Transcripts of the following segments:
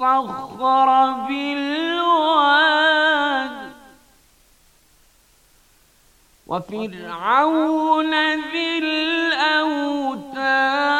في بالواد وفرعون ذي الأوتاد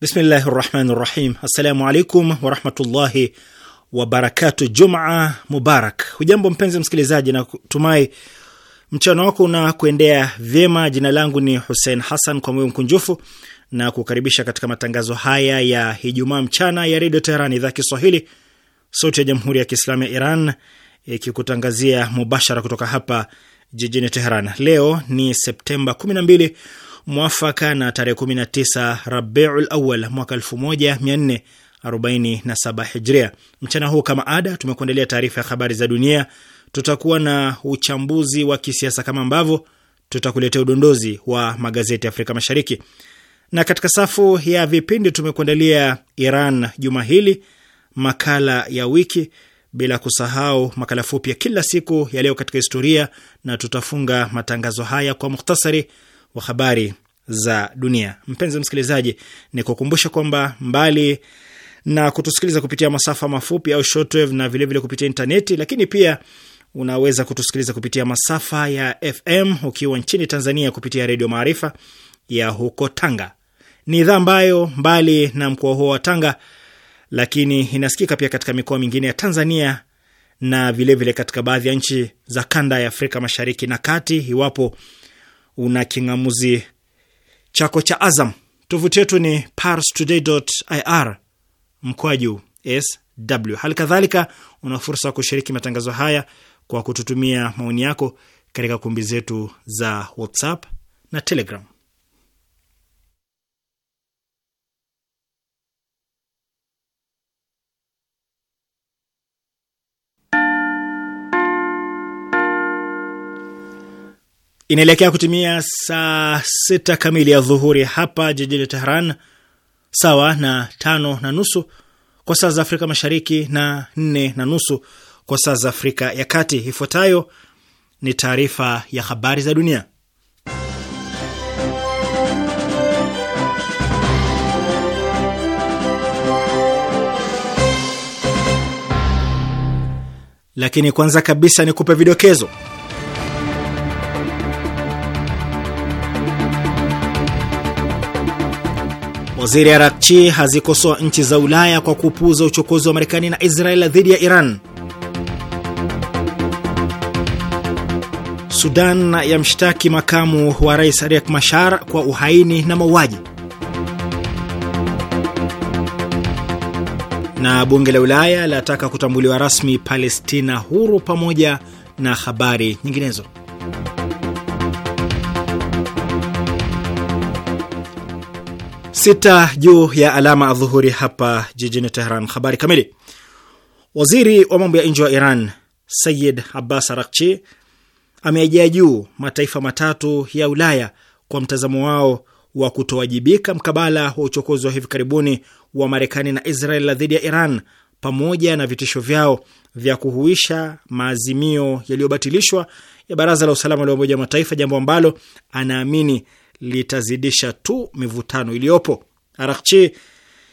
Bismillahi rahmani rahim. Assalamu alaikum warahmatullahi wabarakatu. jumaa mubarak. Hujambo mpenzi msikilizaji, na tumai mchana wako una kuendea vyema. Jina langu ni Hussein Hassan, kwa moyo mkunjufu na kukaribisha katika matangazo haya ya Ijumaa mchana ya Redio Teheran, idhaa Kiswahili, sauti ya Jamhuri ya Kiislamu ya Iran, ikikutangazia mubashara kutoka hapa jijini Teheran. Leo ni Septemba 12 mwafaka na tarehe 19 Rabiul Awal mwaka 1447 Hijria. Mchana huu kama ada, tumekuandalia taarifa ya habari za dunia, tutakuwa na uchambuzi wa kisiasa kama ambavyo tutakuletea udondozi wa magazeti ya Afrika Mashariki, na katika safu ya vipindi tumekuandalia Iran juma hili, makala ya wiki, bila kusahau makala fupi ya kila siku ya leo katika historia, na tutafunga matangazo haya kwa muhtasari wa habari za dunia. Mpenzi msikilizaji, ni kukumbusha kwamba mbali na kutusikiliza kupitia masafa mafupi au shortwave na vilevile vile kupitia intaneti, lakini pia unaweza kutusikiliza kupitia masafa ya FM ukiwa nchini Tanzania kupitia Redio Maarifa ya huko Tanga. Ni idhaa ambayo mbali na mkoa huo wa Tanga, lakini inasikika pia katika mikoa mingine ya Tanzania na vilevile vile katika baadhi ya nchi za kanda ya Afrika Mashariki na Kati, iwapo una king'amuzi chako cha Azam. Tovuti yetu ni parstoday.ir mkwaju sw. Hali kadhalika una fursa ya kushiriki matangazo haya kwa kututumia maoni yako katika kumbi zetu za WhatsApp na Telegram. inaelekea kutimia saa sita kamili ya dhuhuri hapa jijini Tehran, sawa na tano na nusu kwa saa za Afrika Mashariki na nne na nusu kwa saa za Afrika ya Kati. Ifuatayo ni taarifa ya habari za dunia, lakini kwanza kabisa ni kupe vidokezo Waziri Arakchi hazikosoa nchi za Ulaya kwa kupuuza uchokozi wa Marekani na Israel dhidi ya Iran. Sudan yamshtaki makamu wa rais Riek mashar kwa uhaini na mauaji. Na bunge la Ulaya lataka kutambuliwa rasmi Palestina huru pamoja na habari nyinginezo. sita juu ya alama adhuhuri hapa jijini teheran Habari kamili. Waziri wa mambo ya nje wa Iran Sayid Abbas Arakchi ameajia juu mataifa matatu ya Ulaya kwa mtazamo wao wa kutowajibika mkabala wa uchokozi wa hivi karibuni wa Marekani na Israel dhidi ya Iran pamoja na vitisho vyao vya kuhuisha maazimio yaliyobatilishwa ya Baraza la Usalama la Umoja wa Mataifa, jambo ambalo anaamini litazidisha tu mivutano iliyopo. Arakchi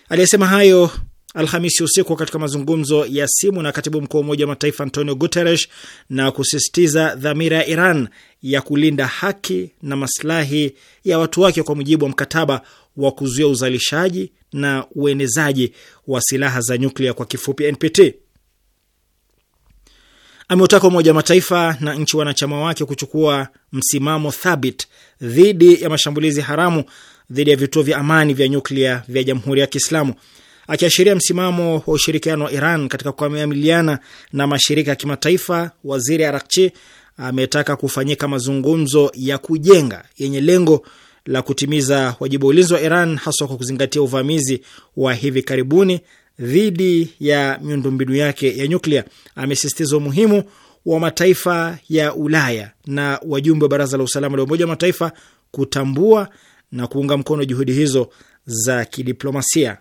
aliyesema hayo Alhamisi usiku katika mazungumzo ya simu na katibu mkuu wa Umoja wa Mataifa Antonio Guterres na kusisitiza dhamira ya Iran ya kulinda haki na maslahi ya watu wake kwa mujibu wa mkataba wa kuzuia uzalishaji na uenezaji wa silaha za nyuklia kwa kifupi NPT. Ameutaka Umoja wa Mataifa na nchi wanachama wake kuchukua msimamo thabit dhidi ya mashambulizi haramu dhidi ya vituo vya amani vya nyuklia vya Jamhuri ya Kiislamu, akiashiria msimamo wa ushirikiano wa Iran katika kuamiliana na mashirika ya kimataifa. Waziri Arakchi ametaka kufanyika mazungumzo ya kujenga yenye lengo la kutimiza wajibu wa ulinzi wa Iran haswa kwa kuzingatia uvamizi wa hivi karibuni dhidi ya miundombinu yake ya nyuklia. Amesisitiza umuhimu wa mataifa ya Ulaya na wajumbe wa baraza la usalama la Umoja wa Mataifa kutambua na kuunga mkono juhudi hizo za kidiplomasia.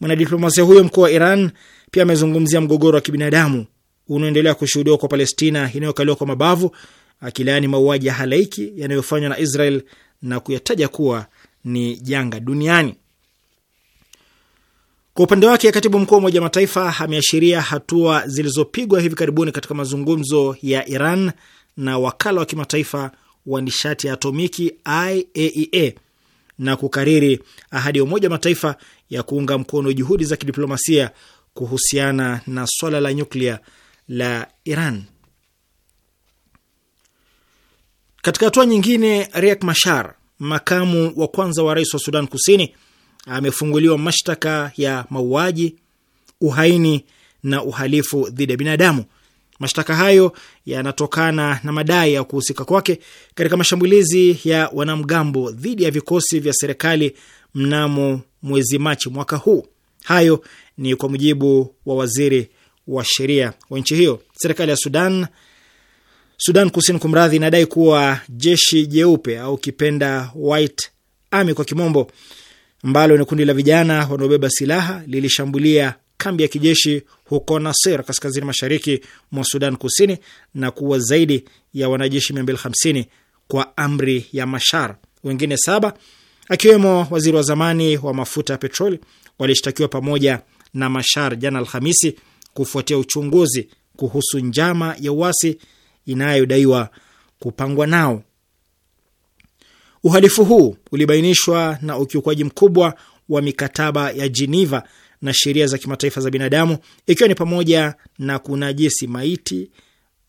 Mwanadiplomasia huyo mkuu wa Iran pia amezungumzia mgogoro wa kibinadamu unaoendelea kushuhudiwa kwa Palestina inayokaliwa kwa mabavu, akilaani mauaji ya halaiki yanayofanywa na Israel na kuyataja kuwa ni janga duniani. Kwa upande wake katibu mkuu wa Umoja Mataifa ameashiria hatua zilizopigwa hivi karibuni katika mazungumzo ya Iran na wakala wa kimataifa wa nishati ya atomiki IAEA e na kukariri ahadi ya Umoja Mataifa ya kuunga mkono juhudi za kidiplomasia kuhusiana na swala la nyuklia la Iran. Katika hatua nyingine, Riek mashar makamu wa kwanza wa rais wa Sudan Kusini, amefunguliwa mashtaka ya mauaji, uhaini na uhalifu dhidi ya binadamu. Mashtaka hayo yanatokana na madai ya kuhusika kwake katika mashambulizi ya wanamgambo dhidi ya vikosi vya serikali mnamo mwezi Machi mwaka huu. Hayo ni kwa mujibu wa waziri wa sheria wa nchi hiyo. Serikali ya Sudan Sudan Kusini, kumradhi, inadai kuwa jeshi jeupe au kipenda White Army kwa kimombo ambalo ni kundi la vijana wanaobeba silaha lilishambulia kambi ya kijeshi huko Nasir, kaskazini mashariki mwa Sudan Kusini, na kuwa zaidi ya wanajeshi 250 kwa amri ya Mashar. Wengine saba akiwemo waziri wa zamani wa mafuta ya petroli walishtakiwa pamoja na Mashar jana Alhamisi kufuatia uchunguzi kuhusu njama ya uasi inayodaiwa kupangwa nao. Uhalifu huu ulibainishwa na ukiukwaji mkubwa wa mikataba ya Geneva na sheria za kimataifa za binadamu, ikiwa ni pamoja na kunajisi maiti,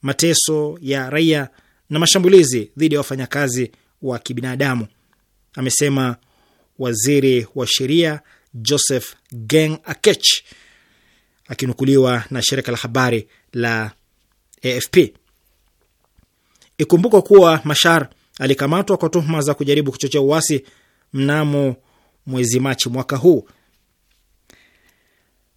mateso ya raia na mashambulizi dhidi ya wafanyakazi wa kibinadamu, amesema waziri wa sheria Joseph Geng Akech akinukuliwa na shirika la habari la AFP. Ikumbukwa kuwa Mashar alikamatwa kwa tuhuma za kujaribu kuchochea uasi mnamo mwezi Machi mwaka huu.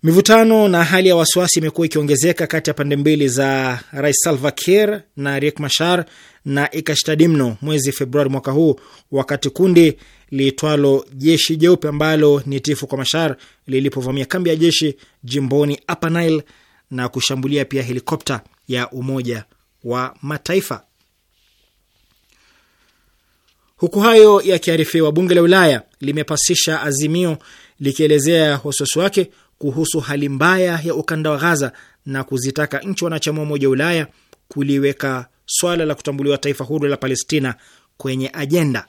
Mivutano na hali ya wasiwasi imekuwa ikiongezeka kati ya pande mbili za Rais Salva Kiir na Riek Machar na ikashtadi mno mwezi Februari mwaka huu, wakati kundi liitwalo Jeshi Jeupe ambalo ni tifu kwa Machar lilipovamia kambi ya jeshi jimboni Upper Nile na kushambulia pia helikopta ya Umoja wa Mataifa. Huku hayo yakiarifiwa, bunge la Ulaya limepasisha azimio likielezea wasiwasi wake kuhusu hali mbaya ya ukanda wa Ghaza na kuzitaka nchi wanachama wa Umoja wa Ulaya kuliweka swala la kutambuliwa taifa huru la Palestina kwenye ajenda.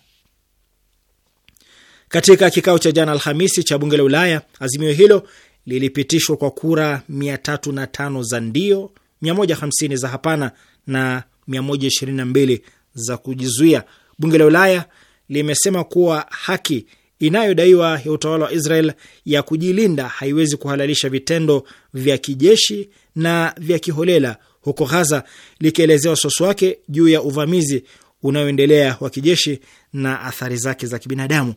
Katika kikao cha jana Alhamisi cha bunge la Ulaya, azimio hilo lilipitishwa kwa kura 305 za ndio, 150 za hapana na 122 za kujizuia. Bunge la Ulaya limesema kuwa haki inayodaiwa ya utawala wa Israel ya kujilinda haiwezi kuhalalisha vitendo vya kijeshi na vya kiholela huko Ghaza, likielezea wasiwasi wake juu ya uvamizi unaoendelea wa kijeshi na athari zake za kibinadamu.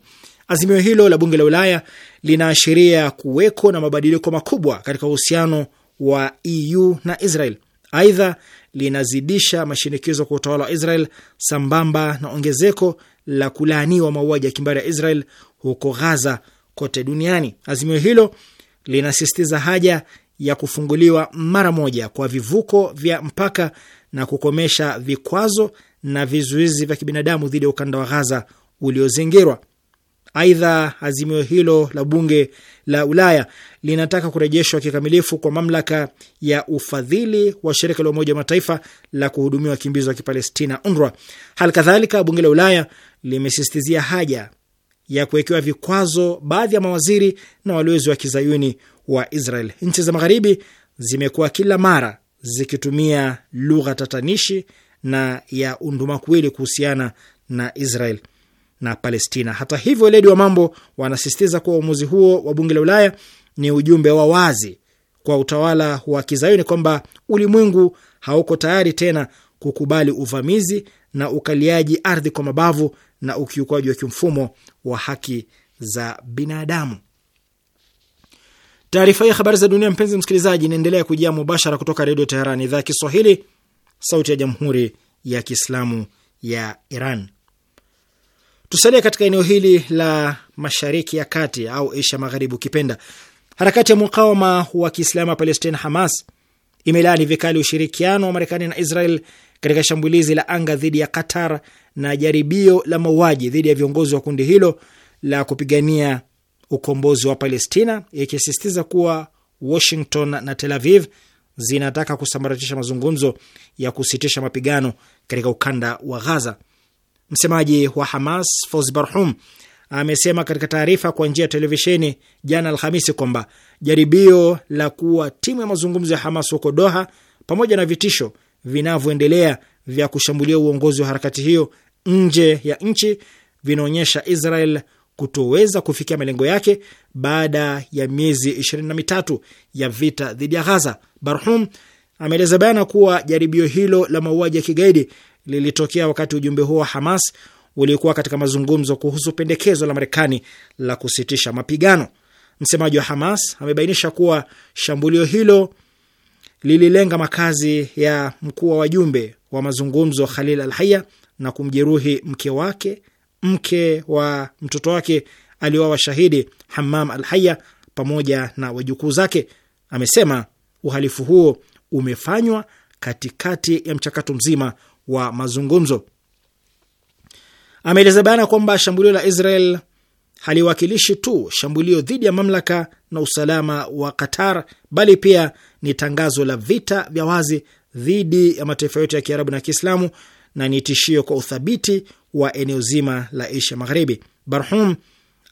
Azimio hilo la bunge la Ulaya linaashiria kuweko na mabadiliko makubwa katika uhusiano wa EU na Israel. Aidha, linazidisha mashinikizo kwa utawala wa Israel sambamba na ongezeko la kulaaniwa mauaji ya kimbari ya Israel huko Ghaza kote duniani. Azimio hilo linasisitiza haja ya kufunguliwa mara moja kwa vivuko vya mpaka na kukomesha vikwazo na vizuizi vya kibinadamu dhidi ya ukanda wa Ghaza uliozingirwa. Aidha, azimio hilo la bunge la Ulaya linataka kurejeshwa kikamilifu kwa mamlaka ya ufadhili wa shirika la Umoja wa Mataifa la kuhudumia wakimbizi wa Kipalestina, UNRWA. Hali kadhalika, bunge la Ulaya limesisitizia haja ya kuwekewa vikwazo baadhi ya mawaziri na walowezi wa kizayuni wa Israel. Nchi za Magharibi zimekuwa kila mara zikitumia lugha tatanishi na ya undumakuwili kuhusiana na Israel na Palestina. Hata hivyo, weledi wa mambo wanasisitiza kuwa uamuzi huo wa bunge la Ulaya ni ujumbe wa wazi kwa utawala wa kizayuni kwamba ulimwengu hauko tayari tena kukubali uvamizi na ukaliaji ardhi kwa mabavu na ukiukwaji wa kimfumo wa haki za binadamu. Taarifa hii ya habari za dunia, mpenzi msikilizaji, inaendelea kujia mubashara kutoka Redio Teheran, idhaa ya Kiswahili, sauti ya Jamhuri ya Kiislamu ya Iran. Tusalia katika eneo hili la Mashariki ya Kati au Asia Magharibi ukipenda. Harakati ya mukawama wa Kiislamu ya Palestina, Hamas, imelaani vikali ushirikiano wa Marekani na Israel katika shambulizi la anga dhidi ya Qatar na jaribio la mauaji dhidi ya viongozi wa kundi hilo la kupigania ukombozi wa Palestina, ikisisitiza kuwa Washington na Tel Aviv zinataka kusambaratisha mazungumzo ya kusitisha mapigano katika ukanda wa Ghaza. Msemaji wa Hamas Fawzi Barhum amesema katika taarifa kwa njia ya televisheni jana Alhamisi kwamba jaribio la kuwa timu ya mazungumzo ya Hamas huko Doha pamoja na vitisho vinavyoendelea vya kushambulia uongozi wa harakati hiyo nje ya nchi vinaonyesha Israel kutoweza kufikia malengo yake baada ya miezi ishirini na mitatu ya vita dhidi ya Ghaza. Barhum ameeleza bayana kuwa jaribio hilo la mauaji ya kigaidi lilitokea wakati ujumbe huo wa Hamas uliokuwa katika mazungumzo kuhusu pendekezo la Marekani la kusitisha mapigano. Msemaji wa Hamas amebainisha kuwa shambulio hilo lililenga makazi ya mkuu wa wajumbe wa mazungumzo Khalil Al-Haya na kumjeruhi mke wake, mke wa mtoto wake aliowa washahidi Hamam Al-Haya pamoja na wajukuu zake. Amesema uhalifu huo umefanywa katikati ya mchakato mzima wa mazungumzo. Ameeleza bayana kwamba shambulio la Israel haliwakilishi tu shambulio dhidi ya mamlaka na usalama wa Qatar, bali pia ni tangazo la vita vya wazi dhidi ya mataifa yote ya Kiarabu na Kiislamu na ni tishio kwa uthabiti wa eneo zima la Asia Magharibi. Barhum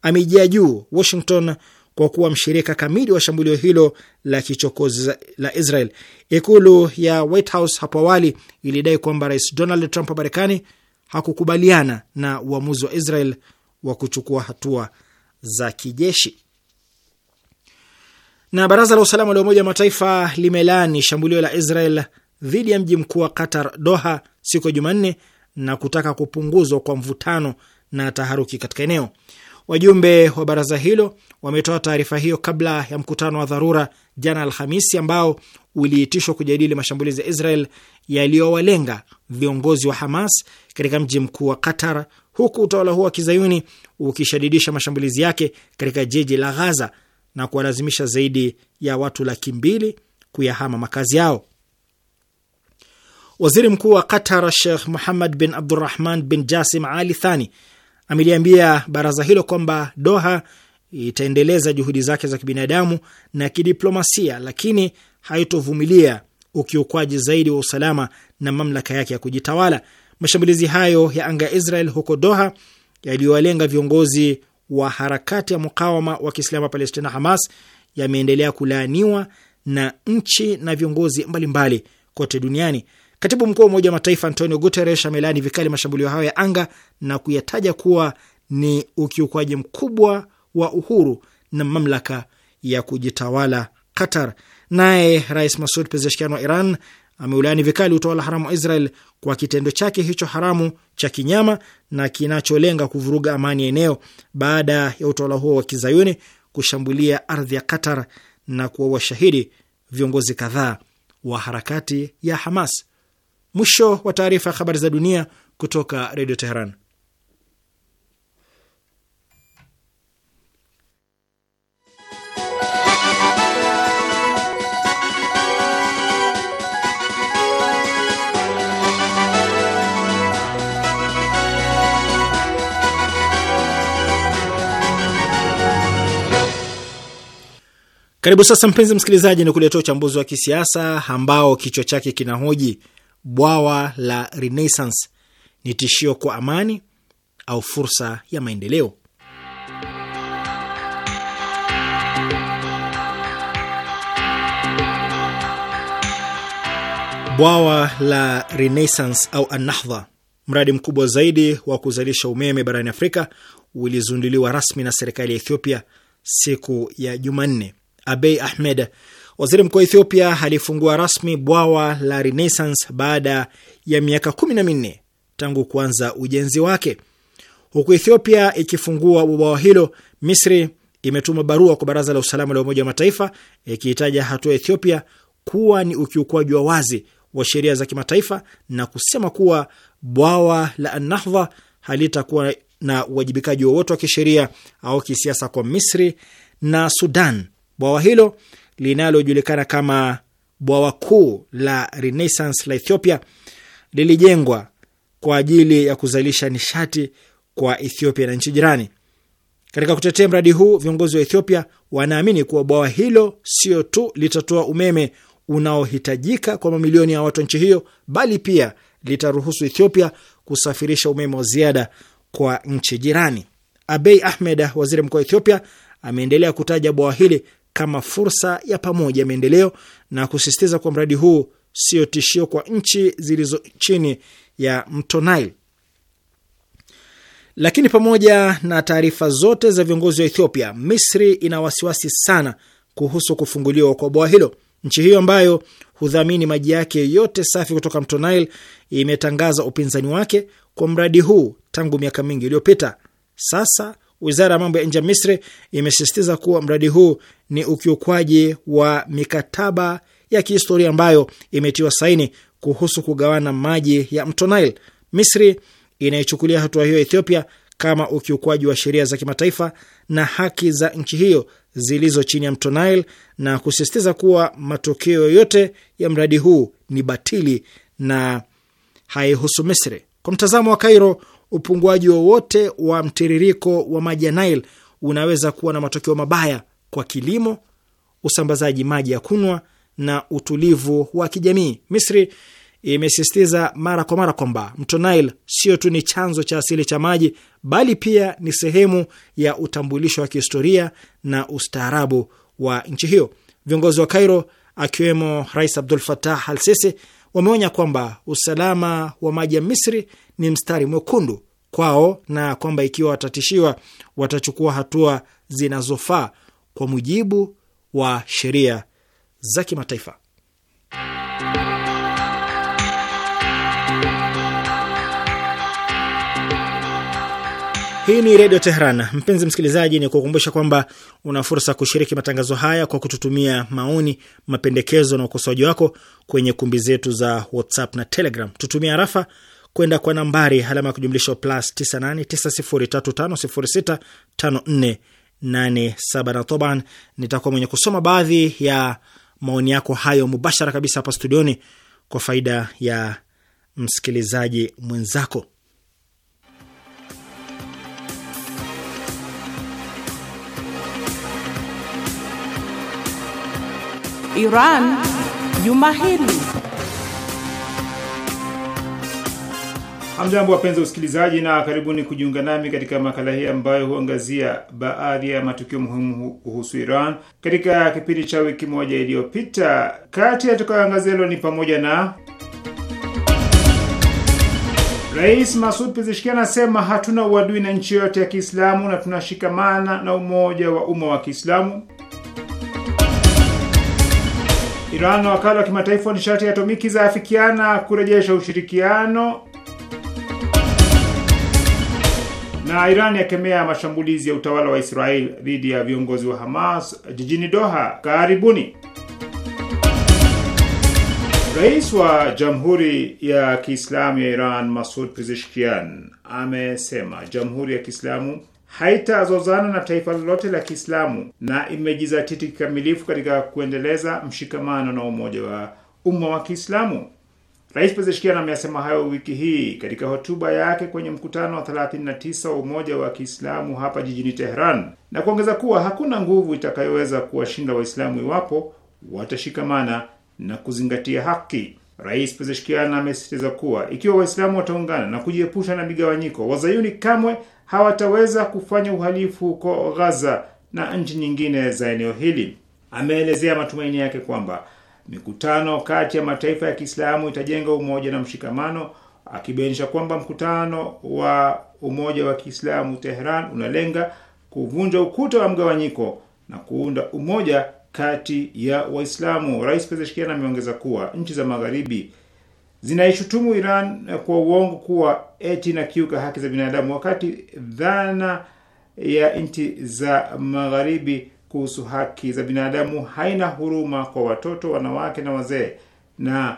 ameijia juu Washington kwa kuwa mshirika kamili wa shambulio hilo la kichokozi la Israel. Ikulu ya White House hapo awali ilidai kwamba Rais Donald Trump wa Marekani hakukubaliana na uamuzi wa Israel wa kuchukua hatua za kijeshi. Na baraza la usalama la Umoja wa Mataifa limelaani shambulio la Israel dhidi ya mji mkuu wa Qatar, Doha, siku ya Jumanne na kutaka kupunguzwa kwa mvutano na taharuki katika eneo. Wajumbe wa baraza hilo wametoa taarifa hiyo kabla ya mkutano wa dharura jana Alhamisi ambao uliitishwa kujadili mashambulizi ya Israel yaliyowalenga viongozi wa Hamas katika mji mkuu wa Qatar, huku utawala huo wa kizayuni ukishadidisha mashambulizi yake katika jiji la Ghaza na kuwalazimisha zaidi ya watu laki mbili kuyahama makazi yao. Waziri Mkuu wa Qatar Sheikh Muhammad bin Abdurrahman bin Jasim Ali Thani ameliambia baraza hilo kwamba Doha itaendeleza juhudi zake za kibinadamu na kidiplomasia, lakini haitovumilia ukiukwaji zaidi wa usalama na mamlaka yake ya kujitawala. Mashambulizi hayo ya anga ya Israel huko Doha yaliyowalenga viongozi wa harakati ya mukawama wa Kiislamu wa Palestina, Hamas, yameendelea kulaaniwa na nchi na viongozi mbalimbali kote duniani. Katibu mkuu wa Umoja wa Mataifa Antonio Guterres amelaani vikali mashambulio hayo ya anga na kuyataja kuwa ni ukiukwaji mkubwa wa uhuru na mamlaka ya kujitawala Qatar. Naye Rais Masud Pezeshkian wa Iran ameulaani vikali utawala haramu wa Israel kwa kitendo chake hicho haramu cha kinyama na kinacholenga kuvuruga amani ya eneo baada ya utawala huo wa kizayuni kushambulia ardhi ya Qatar na kuwa washahidi viongozi kadhaa wa harakati ya Hamas. Mwisho wa taarifa ya habari za dunia kutoka Redio Teheran. Karibu sasa, mpenzi msikilizaji, ni kuletea uchambuzi wa kisiasa ambao kichwa chake kinahoji bwawa la Renaissance ni tishio kwa amani au fursa ya maendeleo? Bwawa la Renaissance au Anahdha, mradi mkubwa zaidi wa kuzalisha umeme barani Afrika, ulizunduliwa rasmi na serikali ya Ethiopia siku ya Jumanne. Abei Ahmed Waziri mkuu wa Ethiopia alifungua rasmi bwawa la Renaissance baada ya miaka kumi na minne tangu kuanza ujenzi wake. Huku Ethiopia ikifungua bwawa hilo, Misri imetuma barua kwa Baraza la Usalama la Umoja wa Mataifa ikiitaja hatua ya Ethiopia kuwa ni ukiukwaji wa wazi wa sheria za kimataifa na kusema kuwa bwawa la Nahdha halitakuwa na uwajibikaji wowote wa kisheria au kisiasa kwa Misri na Sudan. Bwawa hilo linalojulikana kama bwawa kuu la Renaissance la Ethiopia lilijengwa kwa ajili ya kuzalisha nishati kwa Ethiopia na nchi jirani. Katika kutetea mradi huu, viongozi wa Ethiopia wanaamini kuwa bwawa hilo sio tu litatoa umeme unaohitajika kwa mamilioni ya watu wa nchi hiyo, bali pia litaruhusu Ethiopia kusafirisha umeme wa ziada kwa nchi jirani. Abei Ahmed, waziri mkuu wa Ethiopia, ameendelea kutaja bwawa hili kama fursa ya pamoja ya maendeleo na kusisitiza kuwa mradi huu sio tishio kwa nchi zilizo chini ya mto Nile. Lakini pamoja na taarifa zote za viongozi wa Ethiopia, Misri ina wasiwasi sana kuhusu kufunguliwa kwa bwawa hilo. Nchi hiyo ambayo hudhamini maji yake yote safi kutoka mto Nile imetangaza upinzani wake kwa mradi huu tangu miaka mingi iliyopita. Sasa Wizara ya mambo ya nje ya Misri imesisitiza kuwa mradi huu ni ukiukwaji wa mikataba ya kihistoria ambayo imetiwa saini kuhusu kugawana maji ya mto Nile. Misri inayechukulia hatua hiyo Ethiopia kama ukiukwaji wa sheria za kimataifa na haki za nchi hiyo zilizo chini ya mto Nile na kusisitiza kuwa matokeo yoyote ya mradi huu ni batili na haihusu Misri. Kwa mtazamo wa Kairo, upunguaji wowote wa, wa mtiririko wa maji ya Nile unaweza kuwa na matokeo mabaya kwa kilimo, usambazaji maji ya kunywa na utulivu wa kijamii. Misri imesisitiza mara kwa mara kwamba mto Nile sio tu ni chanzo cha asili cha maji, bali pia ni sehemu ya utambulisho wa kihistoria na ustaarabu wa nchi hiyo. Viongozi wa Cairo akiwemo Rais Abdul Fatah Al Sisi wameonya kwamba usalama wa maji ya Misri ni mstari mwekundu kwao na kwamba ikiwa watatishiwa watachukua hatua zinazofaa kwa mujibu wa sheria za kimataifa. Hii ni Redio Teheran. Mpenzi msikilizaji, ni kukumbusha kwamba una fursa kushiriki matangazo haya kwa kututumia maoni, mapendekezo na ukosoaji wako kwenye kumbi zetu za WhatsApp na Telegram. Tutumia harafa kwenda kwa nambari alama ya kujumlisha plus 989035065487 na toban, nitakuwa mwenye kusoma baadhi ya maoni yako hayo mubashara kabisa hapa studioni kwa faida ya msikilizaji mwenzako. Iran Juma hili Hamjambo, wapenzi usikilizaji, na karibuni kujiunga nami katika makala hii ambayo huangazia baadhi ya matukio muhimu kuhusu Iran katika kipindi cha wiki moja iliyopita. Kati ya tutakayoangazia leo ni pamoja na Rais Masud Pezeshkian anasema hatuna uadui na nchi yoyote ya Kiislamu na tunashikamana na umoja wa umma wa Kiislamu. Iran na wakala wa kimataifa wa nishati ya atomiki zaafikiana kurejesha ushirikiano. na Iran yakemea mashambulizi ya utawala wa Israel dhidi ya viongozi wa Hamas jijini Doha karibuni. Rais wa Jamhuri ya Kiislamu ya Iran Masud Pezeshkian amesema Jamhuri ya Kiislamu haitazozana na taifa lolote la Kiislamu na imejizatiti kikamilifu katika kuendeleza mshikamano na umoja wa umma wa Kiislamu. Rais Pezeshkian ameyasema hayo wiki hii katika hotuba yake kwenye mkutano wa 39 wa Umoja wa Kiislamu hapa jijini Teheran na kuongeza kuwa hakuna nguvu itakayoweza kuwashinda Waislamu iwapo watashikamana na kuzingatia haki. Rais Pezeshkian amesisitiza kuwa ikiwa Waislamu wataungana na kujiepusha na migawanyiko, Wazayuni kamwe hawataweza kufanya uhalifu huko Ghaza na nchi nyingine za eneo hili. Ameelezea matumaini yake kwamba mikutano kati ya mataifa ya Kiislamu itajenga umoja na mshikamano, akibainisha kwamba mkutano wa umoja wa Kiislamu Tehran unalenga kuvunja ukuta wa mgawanyiko na kuunda umoja kati ya Waislamu. Rais Pezeshkian ameongeza kuwa nchi za magharibi zinaishutumu Iran kwa uongo kuwa eti inakiuka haki za binadamu, wakati dhana ya nchi za magharibi kuhusu haki za binadamu, haina huruma kwa watoto, wanawake na wazee, na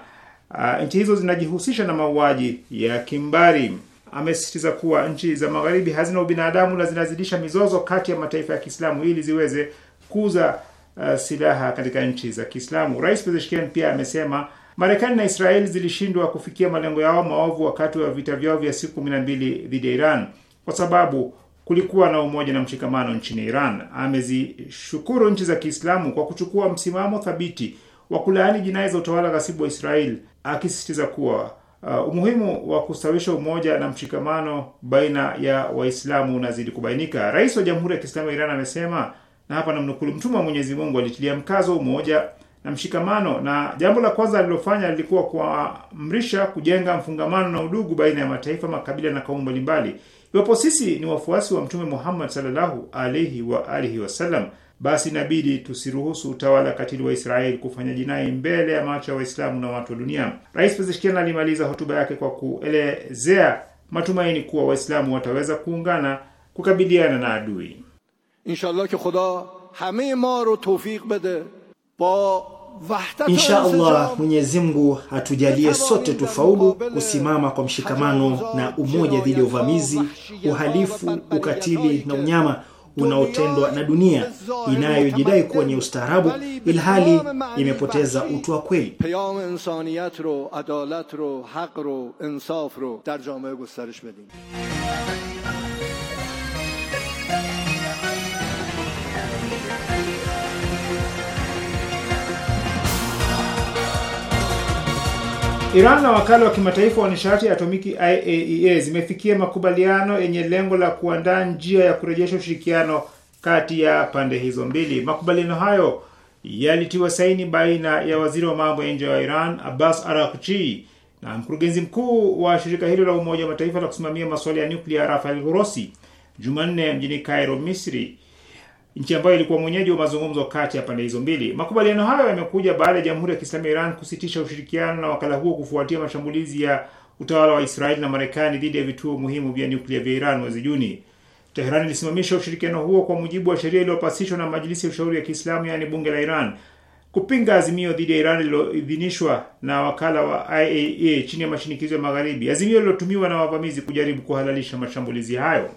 uh, nchi hizo zinajihusisha na mauaji ya kimbari. Amesisitiza kuwa nchi za magharibi hazina ubinadamu na zinazidisha mizozo kati ya mataifa ya Kiislamu ili ziweze kuuza uh, silaha katika nchi za Kiislamu. Rais Pezeshkian pia amesema Marekani na Israeli zilishindwa kufikia malengo yao maovu wakati wa vita vyao vya siku kumi na mbili dhidi ya Iran kwa sababu kulikuwa na umoja na mshikamano nchini Iran. Amezishukuru nchi za Kiislamu kwa kuchukua msimamo thabiti wa kulaani jinai za utawala ghasibu wa Israel, akisisitiza kuwa uh, umuhimu wa kustawisha umoja na mshikamano baina ya Waislamu unazidi kubainika. Rais wa Jamhuri ya Kiislamu ya Iran amesema, na hapa namnukuu, Mtume wa Mwenyezi Mungu alitilia mkazo umoja na mshikamano, na jambo la kwanza alilofanya lilikuwa kuamrisha kujenga mfungamano na udugu baina ya mataifa, makabila na kaumu mbalimbali. Iwapo sisi ni wafuasi wa Mtume Muhammad sallallahu alaihi wa alihi wasallam, basi inabidi tusiruhusu utawala katili wa Israeli kufanya jinai mbele ya macho ya Waislamu na watu wa dunia. Rais Pezeshkian alimaliza hotuba yake kwa kuelezea matumaini kuwa Waislamu wataweza kuungana kukabiliana na adui. inshallah ki khuda hame ma ro tawfiq bede ba Insha Allah Mwenyezi Mungu atujalie sote tufaulu kusimama kwa mshikamano na umoja dhidi ya uvamizi, uhalifu, ukatili na unyama unaotendwa na dunia inayojidai kuwa ni ustaarabu ilhali imepoteza utu wa kweli. Iran na wakala wa kimataifa wa nishati ya atomiki IAEA e zimefikia makubaliano yenye lengo la kuandaa njia ya kurejesha ushirikiano kati ya pande hizo mbili. Makubaliano hayo yalitiwa saini baina ya waziri wa mambo ya nje wa Iran Abbas Araghchi na mkurugenzi mkuu wa shirika hilo la Umoja wa Mataifa la kusimamia masuala ya nyuklia Rafael Grossi Jumanne mjini Cairo, Misri nchi ambayo ilikuwa mwenyeji wa mazungumzo kati ya pande hizo mbili. Makubaliano hayo yamekuja baada ya Jamhuri ya Kiislamu ya Iran kusitisha ushirikiano na wakala huo kufuatia mashambulizi ya utawala wa Israeli na Marekani dhidi ya vituo muhimu vya nyuklia vya Iran mwezi Juni. Teheran ilisimamisha ushirikiano huo kwa mujibu wa sheria iliyopasishwa na Majlisi ya Ushauri ya Kiislamu, yaani bunge la Iran, kupinga azimio dhidi ya Iran lililoidhinishwa na wakala wa IAEA e chini ya mashinikizo ya Magharibi, azimio lililotumiwa na wavamizi kujaribu kuhalalisha mashambulizi hayo.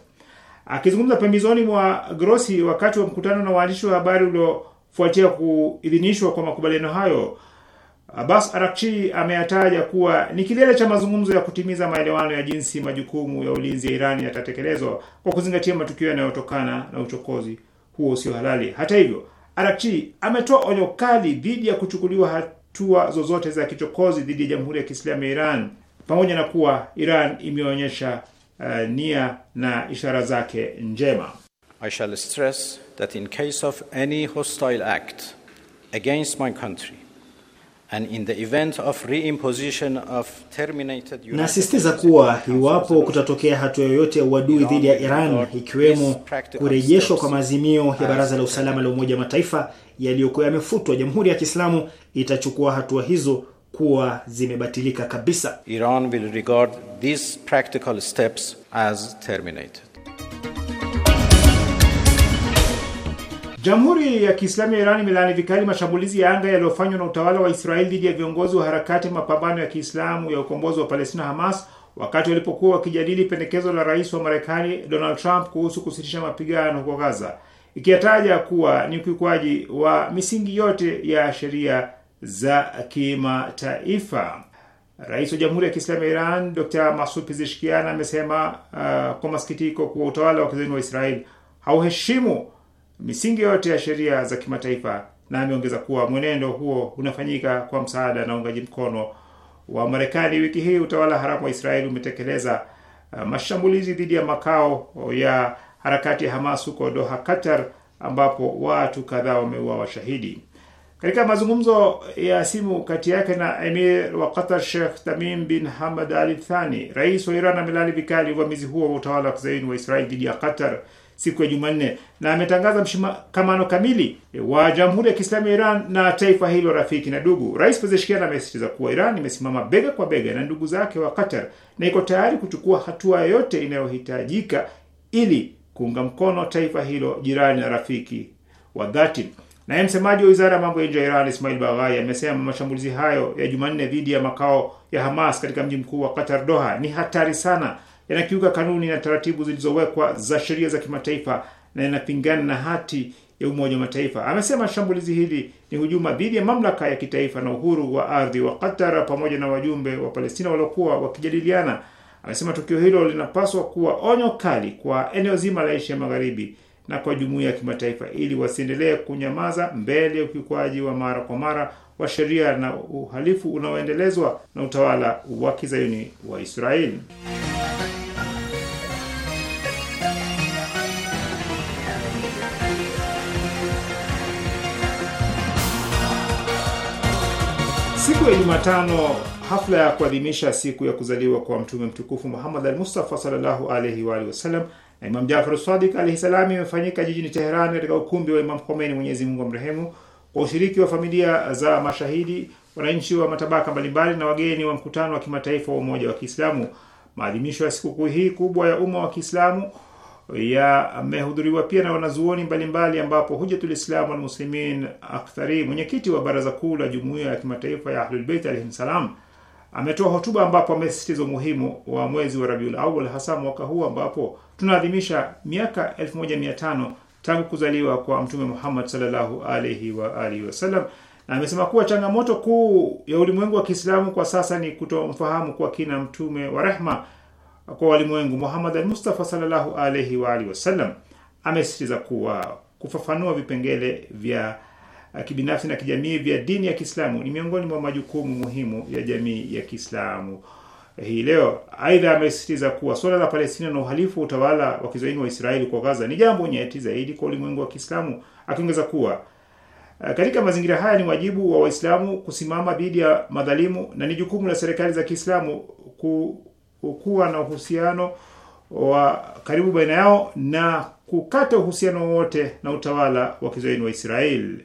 Akizungumza pembezoni mwa Grossi wakati wa mkutano na waandishi wa habari uliofuatia kuidhinishwa kwa makubaliano hayo, Abbas Arakchi ameyataja kuwa ni kilele cha mazungumzo ya kutimiza maelewano ya jinsi majukumu ya ulinzi ya Irani yatatekelezwa kwa kuzingatia matukio yanayotokana na uchokozi huo usio halali. Hata hivyo, Arakchi ametoa onyo kali dhidi ya kuchukuliwa hatua zozote za kichokozi dhidi ya Jamhuri ya Kiislamu ya Iran pamoja na kuwa Iran imeonyesha uh, nia na ishara zake njema. I shall stress that in case of any hostile act against my country and in the event of reimposition of terminated... Nasisitiza kuwa iwapo kutatokea hatua yoyote ya uadui dhidi ya Iran, ikiwemo kurejeshwa kwa maazimio ya Baraza la Usalama la Umoja wa Mataifa yaliyokuwa yamefutwa, Jamhuri ya Kiislamu itachukua hatua hizo kuwa zimebatilika kabisa. Iran will regard these practical steps as terminated. Jamhuri ya Kiislamu ya Iran imelaani vikali mashambulizi ya anga yaliyofanywa na utawala wa Israeli dhidi ya viongozi wa harakati mapambano ya Kiislamu ya ukombozi wa Palestina Hamas wakati walipokuwa wakijadili pendekezo la rais wa Marekani Donald Trump kuhusu kusitisha mapigano huko Gaza, ikiyataja kuwa ni ukiukwaji wa misingi yote ya sheria za kimataifa. Rais wa Jamhuri ya Kiislamu ya Iran Dr Masud Pizishkian amesema uh, kwa masikitiko kuwa utawala wa kizayuni wa Israel hauheshimu misingi yote ya sheria za kimataifa, na ameongeza kuwa mwenendo huo unafanyika kwa msaada na uungaji mkono wa Marekani. Wiki hii utawala haramu wa Israeli umetekeleza uh, mashambulizi dhidi ya makao ya harakati ya Hamas huko Doha, Qatar, ambapo watu kadhaa wameuawa washahidi. Katika mazungumzo ya simu kati yake na emir wa Qatar, Sheikh Tamim bin Hamad Al Thani, rais wa Iran, amelaani vikali uvamizi huo wa utawala wa kizayuni wa Israeli dhidi ya Qatar siku ya Jumanne na ametangaza mshikamano kamili wa Jamhuri ya Kiislamu ya Iran na taifa hilo rafiki na ndugu. Rais Pezeshkian amesisitiza kuwa Iran imesimama bega kwa bega na ndugu zake wa Qatar na iko tayari kuchukua hatua yoyote inayohitajika ili kuunga mkono taifa hilo jirani na rafiki wa dhati. Naye msemaji wa wizara ya mambo ya nje ya Iran Ismail Baghai amesema mashambulizi hayo ya Jumanne dhidi ya makao ya Hamas katika mji mkuu wa Qatar, Doha, ni hatari sana, yanakiuka kanuni na taratibu zilizowekwa za sheria za kimataifa na yanapingana na hati ya Umoja wa Mataifa. Amesema shambulizi hili ni hujuma dhidi ya mamlaka ya kitaifa na uhuru wa ardhi wa Qatar pamoja na wajumbe wa Palestina waliokuwa wakijadiliana. Amesema tukio hilo linapaswa kuwa onyo kali kwa eneo zima la Asia Magharibi na kwa jumuiya ya kimataifa ili wasiendelee kunyamaza mbele ya ukiukwaji wa mara kwa mara wa sheria na uhalifu unaoendelezwa na utawala wa kizayuni wa Israeli. Siku ya Jumatano, hafla ya kuadhimisha siku ya kuzaliwa kwa Mtume mtukufu Muhammad al Mustafa sallallahu alaihi wa alihi wasallam na eh. Imam Jafar Sadiq alaihi salam imefanyika jijini Teheran katika ukumbi wa Imam Khomeini, Mwenyezi Mungu amrehemu, kwa ushiriki wa familia za mashahidi, wananchi wa matabaka mbalimbali na wageni wa mkutano wa kimataifa wa umoja wa Kiislamu. Maadhimisho ya sikukuu hii kubwa ya umma wa Kiislamu yamehudhuriwa pia na wanazuoni mbalimbali, ambapo Hujatul Islam wal Muslimin Akthari, mwenyekiti wa baraza kuu la jumuiya ya kimataifa ya Ahlulbeit alaihim salam ametoa hotuba ambapo amesisitiza umuhimu wa mwezi wa Rabiul Awwal hasa mwaka huu ambapo tunaadhimisha miaka 1500 tangu kuzaliwa kwa Mtume Muhammad sallallahu alaihi wa alihi wasallam, na amesema kuwa changamoto kuu ya ulimwengu wa Kiislamu kwa sasa ni kutomfahamu kwa kina mtume wa rehma kwa walimwengu Muhammad al-Mustafa sallallahu alaihi wa alihi wasallam. Amesisitiza kuwa kufafanua vipengele vya Eh, kibinafsi na kijamii vya dini ya Kiislamu ni miongoni mwa majukumu muhimu ya jamii ya Kiislamu hii leo. Aidha, amesisitiza kuwa suala la Palestina na uhalifu wa utawala wa kizoeni wa Israeli kwa Gaza ni jambo nyeti zaidi kwa ulimwengu wa Kiislamu, akiongeza kuwa eh, katika mazingira haya ni wajibu wa Waislamu kusimama dhidi ya madhalimu na ni jukumu la serikali za Kiislamu kuwa na uhusiano wa karibu baina yao na kukata uhusiano wote na utawala wa kizoeni wa Israeli.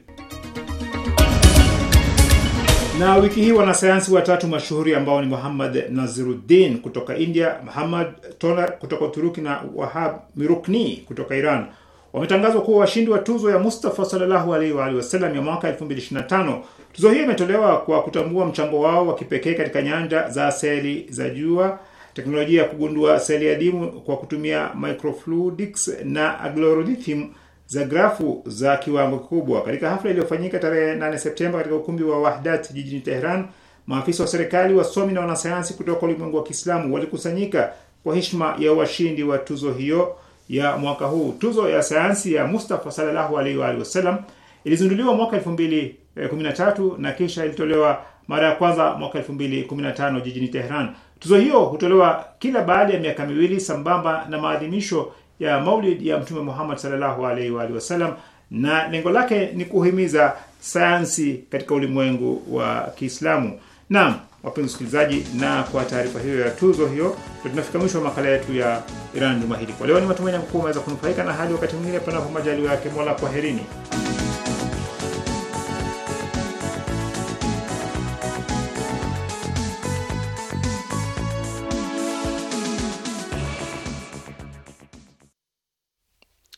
Na wiki hii wanasayansi watatu mashuhuri ambao ni Muhammad Naziruddin kutoka India, Muhammad Toner kutoka Uturuki na Wahab Mirukni kutoka Iran wametangazwa kuwa washindi wa tuzo ya Mustafa sallallahu alaihi wa alihi wasallam ya mwaka 2025. Tuzo hiyo imetolewa kwa kutambua mchango wao wa kipekee katika nyanja za seli za jua, teknolojia ya kugundua seli adimu kwa kutumia microfluidics na algorithm za grafu za kiwango kikubwa. Katika hafla iliyofanyika tarehe 8 Septemba katika ukumbi wa Wahdat jijini Tehran, maafisa wa serikali, wasomi na wanasayansi kutoka ulimwengu wa Kiislamu walikusanyika kwa heshima ya washindi wa tuzo hiyo ya mwaka huu. Tuzo ya sayansi ya Mustafa sallallahu alaihi wa alihi wasallam ilizinduliwa mwaka 2013 eh, na kisha ilitolewa mara ya kwanza mwaka 2015 jijini Tehran. Tuzo hiyo hutolewa kila baada ya miaka miwili sambamba na maadhimisho ya maulid ya Mtume Muhammad sallallahu alaihi wa alihi wasallam, na lengo lake ni kuhimiza sayansi katika ulimwengu wa Kiislamu. Naam, wapenzi wasikilizaji, na kwa taarifa hiyo ya tuzo hiyo ndio tunafika mwisho wa makala yetu ya Iran juma hili. Kwa leo, ni matumaini ya mkuu umeweza kunufaika, na hadi wakati mwingine, panapo majaliwa yake Mola, kwaherini.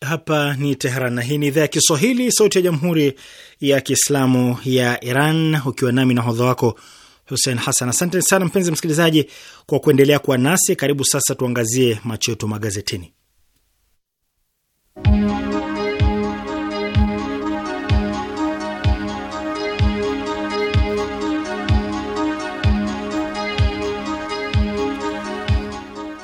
Hapa ni Teheran na hii ni idhaa ya Kiswahili, sauti ya jamhuri ya kiislamu ya Iran, ukiwa nami na hodha wako Hussein Hassan. Asante sana mpenzi msikilizaji kwa kuendelea kuwa nasi. Karibu sasa tuangazie macho yetu magazetini.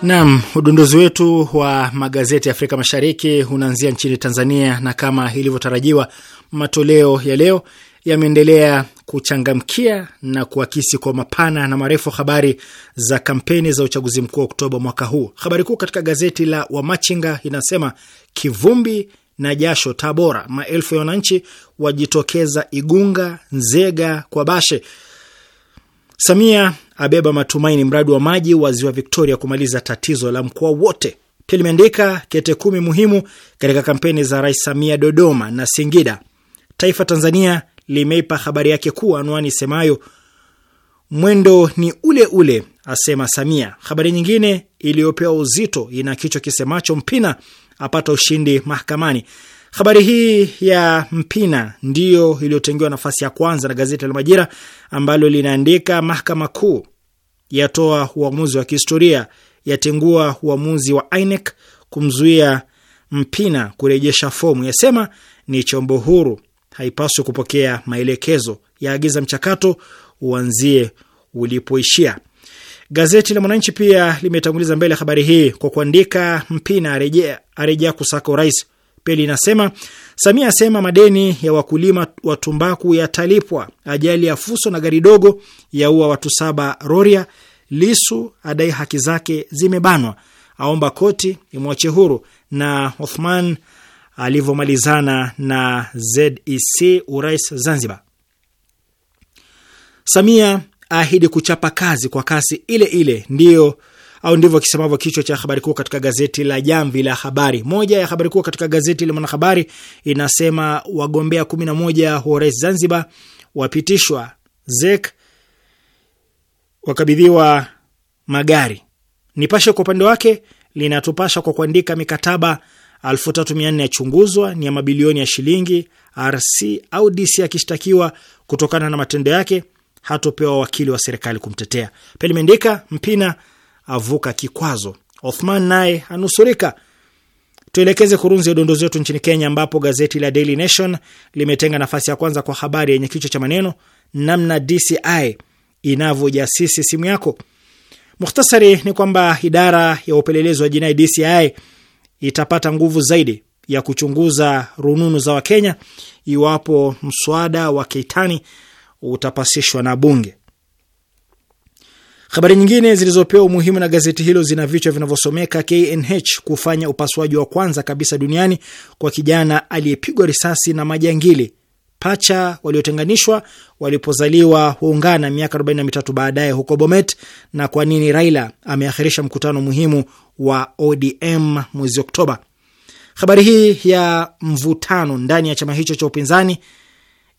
Naam, udondozi wetu wa magazeti ya Afrika Mashariki unaanzia nchini Tanzania, na kama ilivyotarajiwa matoleo ya leo yameendelea kuchangamkia na kuakisi kwa mapana na marefu habari za kampeni za uchaguzi mkuu wa Oktoba mwaka huu. Habari kuu katika gazeti la Wamachinga inasema kivumbi na jasho Tabora, maelfu ya wananchi wajitokeza Igunga, Nzega kwa Bashe. Samia abeba matumaini mradi wa maji wa ziwa Victoria kumaliza tatizo la mkoa wote. Pia limeandika kete kumi muhimu katika kampeni za Rais Samia Dodoma na Singida. Taifa Tanzania limeipa habari yake kuwa anwani semayo mwendo ni ule ule, asema Samia. Habari nyingine iliyopewa uzito ina kichwa kisemacho Mpina apata ushindi mahakamani. Habari hii ya Mpina ndiyo iliyotengewa nafasi ya kwanza na gazeti la Majira ambalo linaandika mahakama kuu yatoa uamuzi wa kihistoria, yatengua uamuzi wa INEC kumzuia Mpina kurejesha fomu, yasema ni chombo huru, haipaswi kupokea maelekezo, yaagiza mchakato uanzie ulipoishia. Gazeti la Mwananchi pia limetanguliza mbele habari hii kwa kuandika Mpina arejea kusaka urais Peli inasema Samia asema madeni ya wakulima wa tumbaku yatalipwa. Ajali ya fuso na gari dogo yaua watu saba Roria. Lisu adai haki zake zimebanwa, aomba koti imwache huru. Na Othman alivyomalizana na ZEC urais Zanzibar. Samia ahidi kuchapa kazi kwa kasi ile ile, ndiyo au ndivyo kisemavyo kichwa cha habari kuu katika gazeti la Jamvi la Habari. Moja ya habari kuu katika gazeti la Mwanahabari inasema wagombea 11 wa urais Zanzibar wapitishwa, ZEK wakabidhiwa magari. Nipashe kwa upande wake linatupasha kwa kuandika mikataba 3400 yachunguzwa, ni ya mabilioni ya shilingi. RC au DC akishtakiwa kutokana na matendo yake hatopewa wakili wa serikali kumtetea. Pia limeandika Mpina avuka kikwazo. Othman naye anusurika. Tuelekeze kurunzi ya udondozi wetu nchini Kenya, ambapo gazeti la Daily Nation limetenga nafasi ya kwanza kwa habari yenye kichwa cha maneno namna DCI inavyojasisi simu yako. Mukhtasari ni kwamba idara ya upelelezi wa jinai DCI itapata nguvu zaidi ya kuchunguza rununu za Wakenya iwapo mswada wa Keitani utapasishwa na bunge. Habari nyingine zilizopewa umuhimu na gazeti hilo zina vichwa vinavyosomeka KNH kufanya upasuaji wa kwanza kabisa duniani kwa kijana aliyepigwa risasi na majangili, pacha waliotenganishwa walipozaliwa huungana miaka 43 baadaye huko Bomet, na kwa nini Raila ameahirisha mkutano muhimu wa ODM mwezi Oktoba. Habari hii ya mvutano ndani ya chama hicho cha upinzani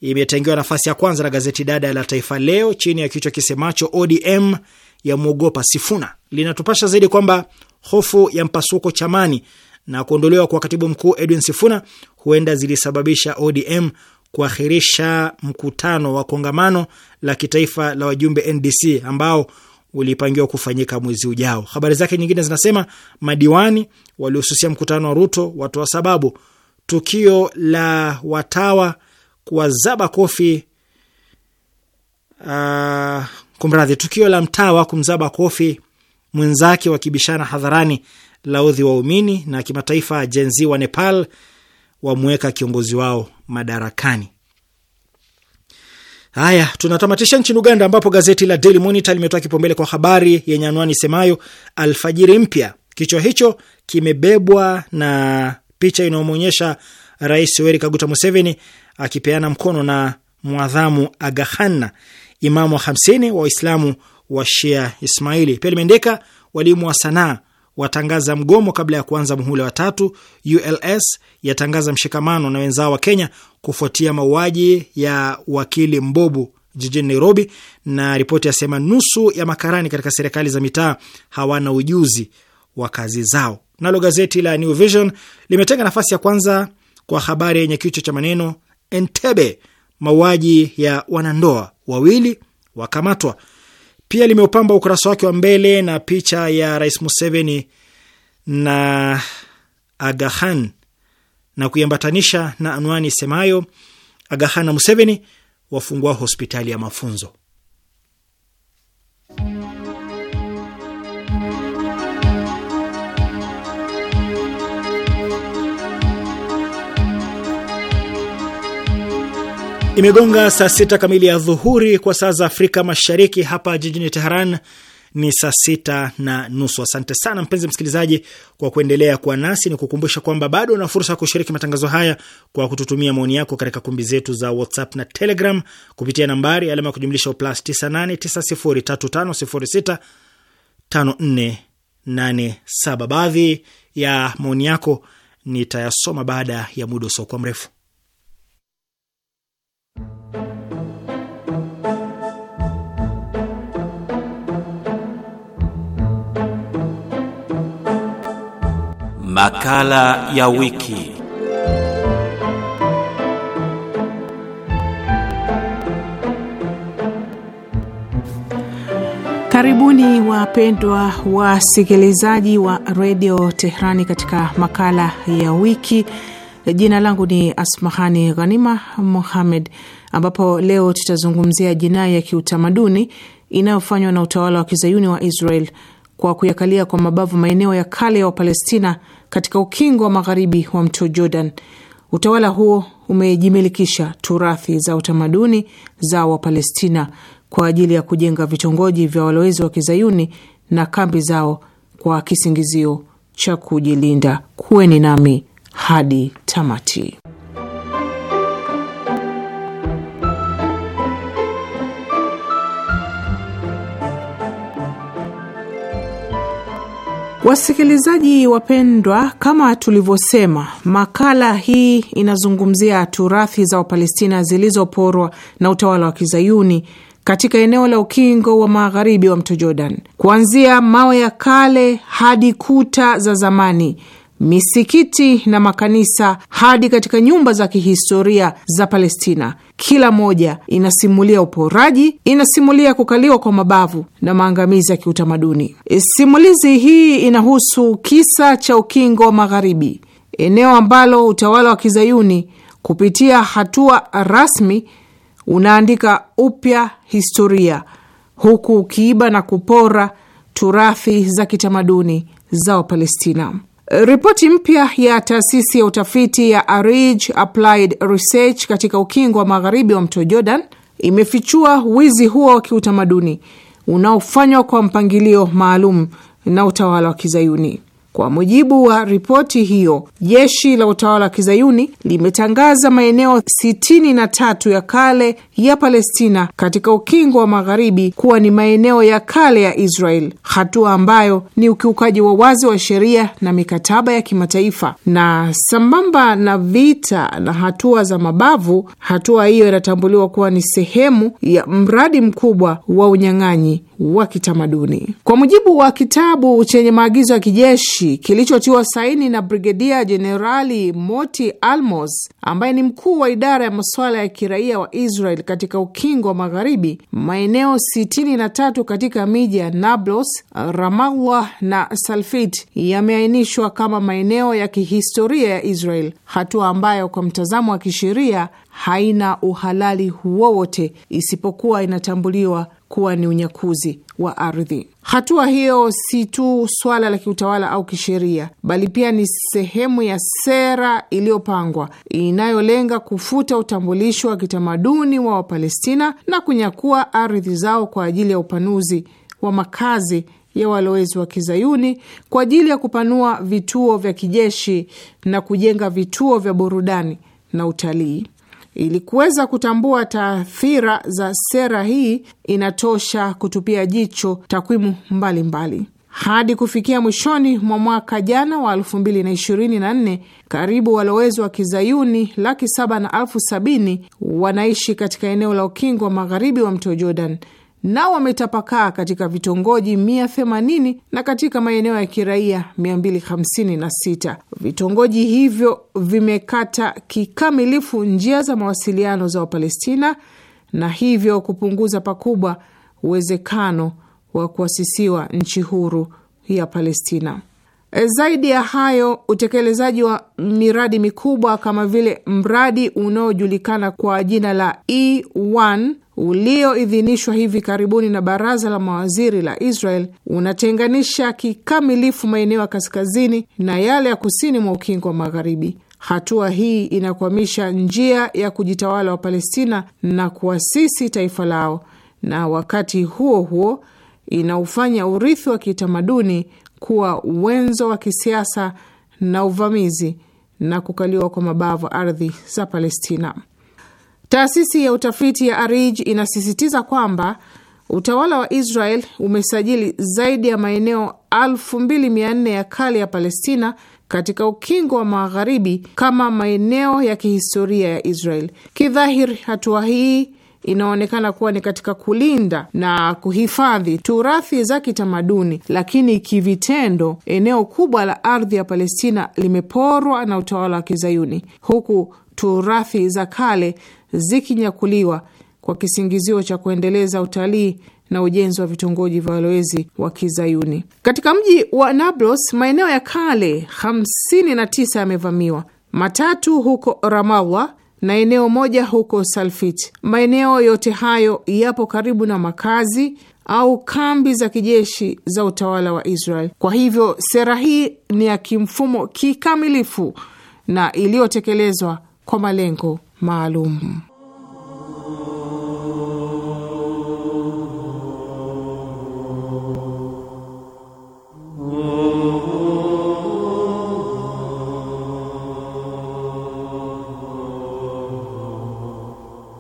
imetengewa nafasi ya kwanza na gazeti dada la Taifa Leo chini ya kichwa kisemacho ODM ya mwogopa Sifuna. Linatupasha zaidi kwamba hofu ya mpasuko chamani na kuondolewa kwa katibu mkuu Edwin Sifuna huenda zilisababisha ODM kuahirisha mkutano wa kongamano la kitaifa la wajumbe NDC ambao ulipangiwa kufanyika mwezi ujao. Habari zake nyingine zinasema madiwani waliohususia mkutano wa Ruto watoa sababu, tukio la watawa kuwazaba kofi uh, kumradhi, tukio la mtawa kumzaba kofi mwenzake wakibishana hadharani laudhi waumini na kimataifa. Jenzi wa Nepal wamweka kiongozi wao madarakani. Haya, tunatamatisha nchini Uganda, ambapo gazeti la Daily Monitor limetoa kipaumbele kwa habari yenye anwani semayo alfajiri mpya. Kichwa hicho kimebebwa na picha inayomwonyesha Rais Yoweri Kaguta Museveni akipeana mkono na mwadhamu Agakhanna, imamu wa hamsini wa Waislamu wa Shia Ismaili. Pia limeendeka walimu wa sanaa watangaza mgomo kabla ya kuanza muhula wa tatu. ULS yatangaza mshikamano na wenzao wa Kenya kufuatia mauaji ya wakili Mbobu jijini Nairobi, na ripoti yasema nusu ya makarani katika serikali za mitaa hawana ujuzi wa kazi zao. Nalo gazeti la New Vision limetenga nafasi ya kwanza kwa habari yenye kichwa cha maneno Entebbe, mauaji ya wanandoa wawili wakamatwa. Pia limeupamba ukurasa wake wa mbele na picha ya Rais Museveni na Aga Khan na kuiambatanisha na anwani semayo Aga Khan na Museveni wafungua hospitali ya mafunzo. Imegonga saa sita kamili ya dhuhuri kwa saa za Afrika Mashariki. Hapa jijini Teheran ni saa sita na nusu. Asante sana mpenzi msikilizaji kwa kuendelea kuwa nasi. Ni kukumbusha kwamba bado una fursa ya kushiriki matangazo haya kwa kututumia maoni yako katika kumbi zetu za WhatsApp na Telegram kupitia nambari alama ya kujumlisha plus 989035065487. Baadhi ya maoni yako nitayasoma baada ya muda usiokuwa mrefu. Makala ya wiki. Karibuni wapendwa wasikilizaji wa redio Tehrani katika makala ya wiki Jina langu ni Asmahani Ghanima Mohamed, ambapo leo tutazungumzia jinai ya kiutamaduni inayofanywa na utawala wa kizayuni wa Israel kwa kuyakalia kwa mabavu maeneo ya kale ya Wapalestina katika ukingo wa magharibi wa mto Jordan. Utawala huo umejimilikisha turathi za utamaduni za Wapalestina kwa ajili ya kujenga vitongoji vya walowezi wa kizayuni na kambi zao kwa kisingizio cha kujilinda. Kuweni nami hadi tamati. Wasikilizaji wapendwa, kama tulivyosema, makala hii inazungumzia turathi za Wapalestina zilizoporwa na utawala wa kizayuni katika eneo la ukingo wa magharibi wa mto Jordan, kuanzia mawe ya kale hadi kuta za zamani misikiti na makanisa hadi katika nyumba za kihistoria za Palestina. Kila moja inasimulia uporaji, inasimulia kukaliwa kwa mabavu na maangamizi ya kiutamaduni. Simulizi hii inahusu kisa cha ukingo wa Magharibi, eneo ambalo utawala wa kizayuni kupitia hatua rasmi unaandika upya historia huku ukiiba na kupora turathi za kitamaduni za Wapalestina. Ripoti mpya ya taasisi ya utafiti ya Arij Applied Research katika ukingo wa magharibi wa mto Jordan imefichua wizi huo wa kiutamaduni unaofanywa kwa mpangilio maalum na utawala wa kizayuni. Kwa mujibu wa ripoti hiyo, jeshi la utawala wa kizayuni limetangaza maeneo 63 ya kale ya Palestina katika ukingo wa magharibi kuwa ni maeneo ya kale ya Israel, hatua ambayo ni ukiukaji wa wazi wa sheria na mikataba ya kimataifa. Na sambamba na vita na hatua za mabavu, hatua hiyo inatambuliwa kuwa ni sehemu ya mradi mkubwa wa unyang'anyi wa kitamaduni. Kwa mujibu wa kitabu chenye maagizo ya kijeshi kilichotiwa saini na Brigedia Jenerali Moti Almos, ambaye ni mkuu wa idara ya masuala ya kiraia wa Israel katika ukingo wa Magharibi, maeneo 63 katika miji ya Nablus, Ramallah na Salfit yameainishwa kama maeneo ya kihistoria ya Israel, hatua ambayo kwa mtazamo wa kisheria haina uhalali wowote isipokuwa inatambuliwa kuwa ni unyakuzi wa ardhi. Hatua hiyo si tu swala la kiutawala au kisheria, bali pia ni sehemu ya sera iliyopangwa inayolenga kufuta utambulisho wa kitamaduni wa Wapalestina na kunyakua ardhi zao kwa ajili ya upanuzi wa makazi ya walowezi wa Kizayuni kwa ajili ya kupanua vituo vya kijeshi na kujenga vituo vya burudani na utalii. Ili kuweza kutambua taathira za sera hii, inatosha kutupia jicho takwimu mbalimbali. Hadi kufikia mwishoni mwa mwaka jana wa 2024 karibu walowezi wa kizayuni laki saba na elfu sabini wanaishi katika eneo la ukingo wa magharibi wa mto Jordan nao wametapakaa katika vitongoji 180 na katika maeneo ya kiraia 256. Vitongoji hivyo vimekata kikamilifu njia za mawasiliano za Wapalestina na hivyo kupunguza pakubwa uwezekano wa kuasisiwa nchi huru ya Palestina. E, zaidi ya hayo, utekelezaji wa miradi mikubwa kama vile mradi unaojulikana kwa jina la E1 ulioidhinishwa hivi karibuni na baraza la mawaziri la Israel unatenganisha kikamilifu maeneo ya kaskazini na yale ya kusini mwa ukingo wa magharibi. Hatua hii inakwamisha njia ya kujitawala wa Palestina na kuasisi taifa lao, na wakati huo huo inaufanya urithi wa kitamaduni kuwa wenzo wa kisiasa na uvamizi na kukaliwa kwa mabavu ardhi za Palestina. Taasisi ya utafiti ya Arij inasisitiza kwamba utawala wa Israel umesajili zaidi ya maeneo 2400 ya kale ya Palestina katika ukingo wa magharibi kama maeneo ya kihistoria ya Israel. Kidhahiri, hatua hii inaonekana kuwa ni katika kulinda na kuhifadhi turathi za kitamaduni, lakini kivitendo, eneo kubwa la ardhi ya Palestina limeporwa na utawala wa Kizayuni, huku turathi za kale zikinyakuliwa kwa kisingizio cha kuendeleza utalii na ujenzi wa vitongoji vya walowezi wa Kizayuni. Katika mji wa Nablus, maeneo ya kale 59 yamevamiwa, matatu huko Ramallah na eneo moja huko Salfit. Maeneo yote hayo yapo karibu na makazi au kambi za kijeshi za utawala wa Israel. Kwa hivyo sera hii ni ya kimfumo kikamilifu na iliyotekelezwa kwa malengo maalum.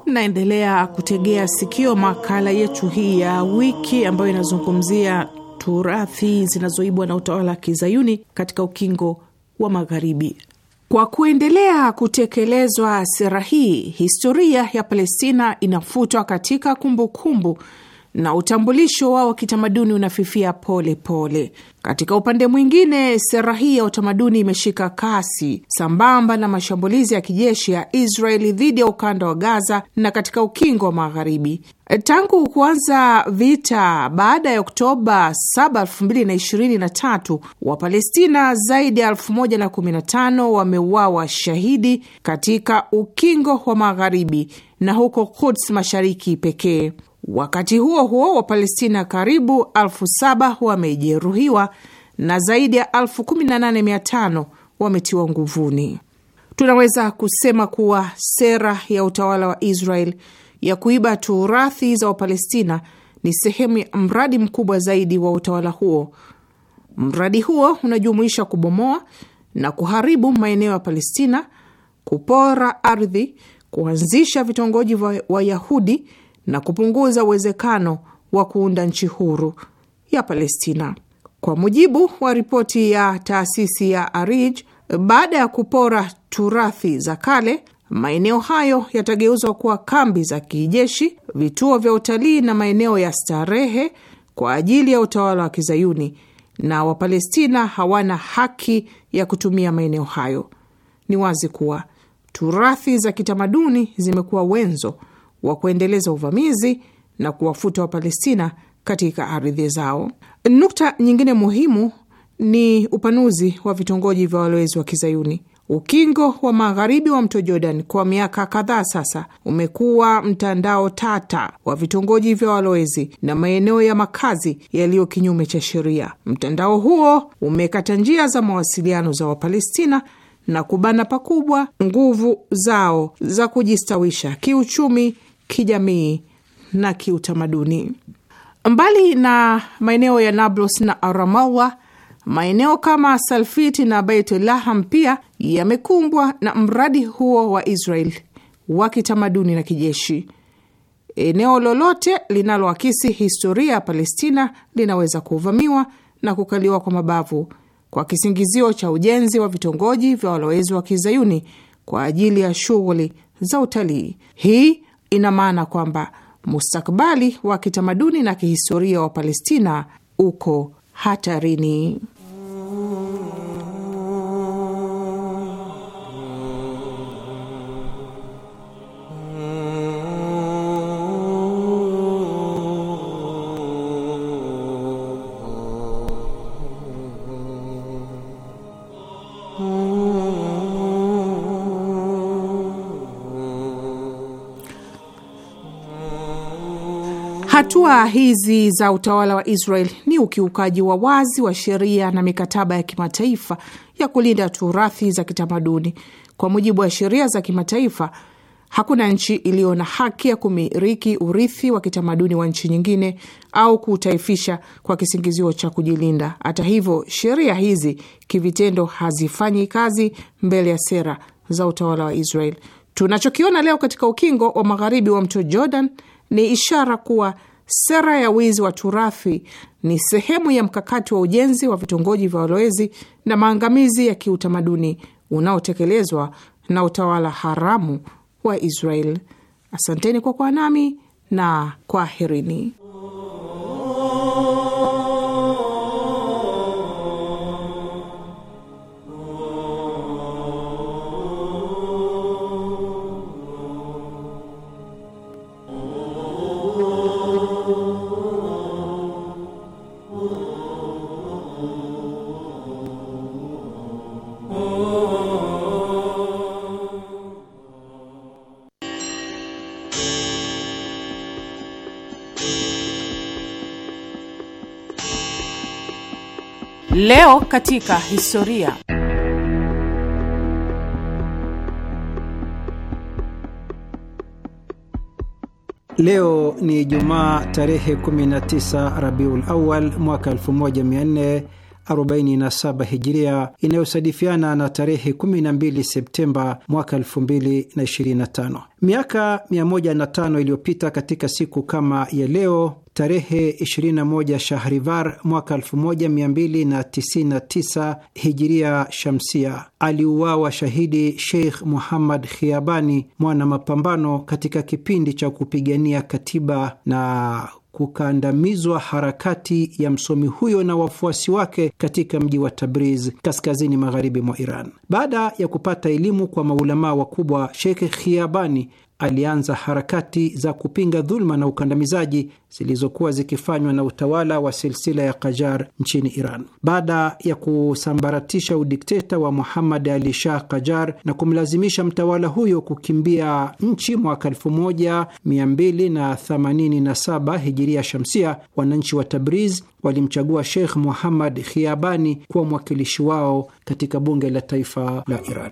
Naendelea kutegea sikio makala yetu hii ya wiki ambayo inazungumzia turathi zinazoibwa na utawala wa kizayuni katika ukingo wa Magharibi. Kwa kuendelea kutekelezwa sera hii, historia ya Palestina inafutwa katika kumbukumbu kumbu na utambulisho wao wa kitamaduni unafifia pole pole. Katika upande mwingine, sera hii ya utamaduni imeshika kasi sambamba na mashambulizi ya kijeshi ya Israeli dhidi ya ukanda wa Gaza na katika ukingo wa Magharibi. Tangu kuanza vita baada ya Oktoba 7, 2023, Wapalestina zaidi ya 1015 wameuawa shahidi katika ukingo wa Magharibi na huko Quds Mashariki pekee. Wakati huo huo, Wapalestina karibu elfu saba wamejeruhiwa na zaidi ya elfu kumi na nane mia tano wametiwa nguvuni. Tunaweza kusema kuwa sera ya utawala wa Israel ya kuiba turathi za Wapalestina ni sehemu ya mradi mkubwa zaidi wa utawala huo. Mradi huo unajumuisha kubomoa na kuharibu maeneo ya Palestina, kupora ardhi, kuanzisha vitongoji vya Wayahudi na kupunguza uwezekano wa kuunda nchi huru ya Palestina. Kwa mujibu wa ripoti ya taasisi ya Arij, baada ya kupora turathi za kale, maeneo hayo yatageuzwa kuwa kambi za kijeshi, vituo vya utalii na maeneo ya starehe kwa ajili ya utawala wa Kizayuni, na Wapalestina hawana haki ya kutumia maeneo hayo. Ni wazi kuwa turathi za kitamaduni zimekuwa wenzo wa kuendeleza uvamizi na kuwafuta Wapalestina katika ardhi zao. Nukta nyingine muhimu ni upanuzi wa vitongoji vya walowezi wa Kizayuni. Ukingo wa magharibi wa mto Jordan kwa miaka kadhaa sasa umekuwa mtandao tata wa vitongoji vya walowezi na maeneo ya makazi yaliyo kinyume cha sheria. Mtandao huo umekata njia za mawasiliano za Wapalestina na kubana pakubwa nguvu zao za kujistawisha kiuchumi kijamii na kiutamaduni. Mbali na maeneo ya Nablus na Ramallah, maeneo kama Salfiti na Baitulaham pia yamekumbwa na mradi huo wa Israel wa kitamaduni na kijeshi. Eneo lolote linaloakisi historia ya Palestina linaweza kuvamiwa na kukaliwa kwa mabavu kwa kisingizio cha ujenzi wa vitongoji vya walowezi wa kizayuni kwa ajili ya shughuli za utalii. Hii ina maana kwamba mustakbali wa kitamaduni na kihistoria wa Palestina uko hatarini. Hatua hizi za utawala wa Israel ni ukiukaji wa wazi wa sheria na mikataba ya kimataifa ya kulinda turathi za kitamaduni. Kwa mujibu wa sheria za kimataifa, hakuna nchi iliyo na haki ya kumiriki urithi wa kitamaduni wa nchi nyingine au kuutaifisha kwa kisingizio cha kujilinda. Hata hivyo, sheria hizi kivitendo hazifanyi kazi mbele ya sera za utawala wa Israel. Tunachokiona leo katika ukingo wa magharibi wa mto Jordan ni ishara kuwa Sera ya wizi wa turathi ni sehemu ya mkakati wa ujenzi wa vitongoji vya walowezi na maangamizi ya kiutamaduni unaotekelezwa na utawala haramu wa Israel. Asanteni kwa kuwa nami na kwaherini. Leo katika historia. Leo ni Jumaa tarehe 19 Rabiul Awal mwaka 1400 47 hijiria inayosadifiana na tarehe 12 Septemba mwaka 2025. Miaka 105 iliyopita katika siku kama ya leo tarehe 21 Shahrivar mwaka 1299 hijiria shamsia aliuawa shahidi Sheikh Muhammad Khiabani, mwana mapambano katika kipindi cha kupigania katiba na kukandamizwa harakati ya msomi huyo na wafuasi wake katika mji wa Tabriz kaskazini magharibi mwa Iran. Baada ya kupata elimu kwa maulamaa wakubwa, Sheikh Khiabani alianza harakati za kupinga dhuluma na ukandamizaji zilizokuwa zikifanywa na utawala wa silsila ya Kajar nchini Iran. Baada ya kusambaratisha udikteta wa Muhammad Ali Shah Kajar na kumlazimisha mtawala huyo kukimbia nchi mwaka 1287 hijiria shamsia, wananchi wa Tabriz walimchagua Sheikh Muhammad Khiabani kuwa mwakilishi wao katika bunge la taifa la Iran.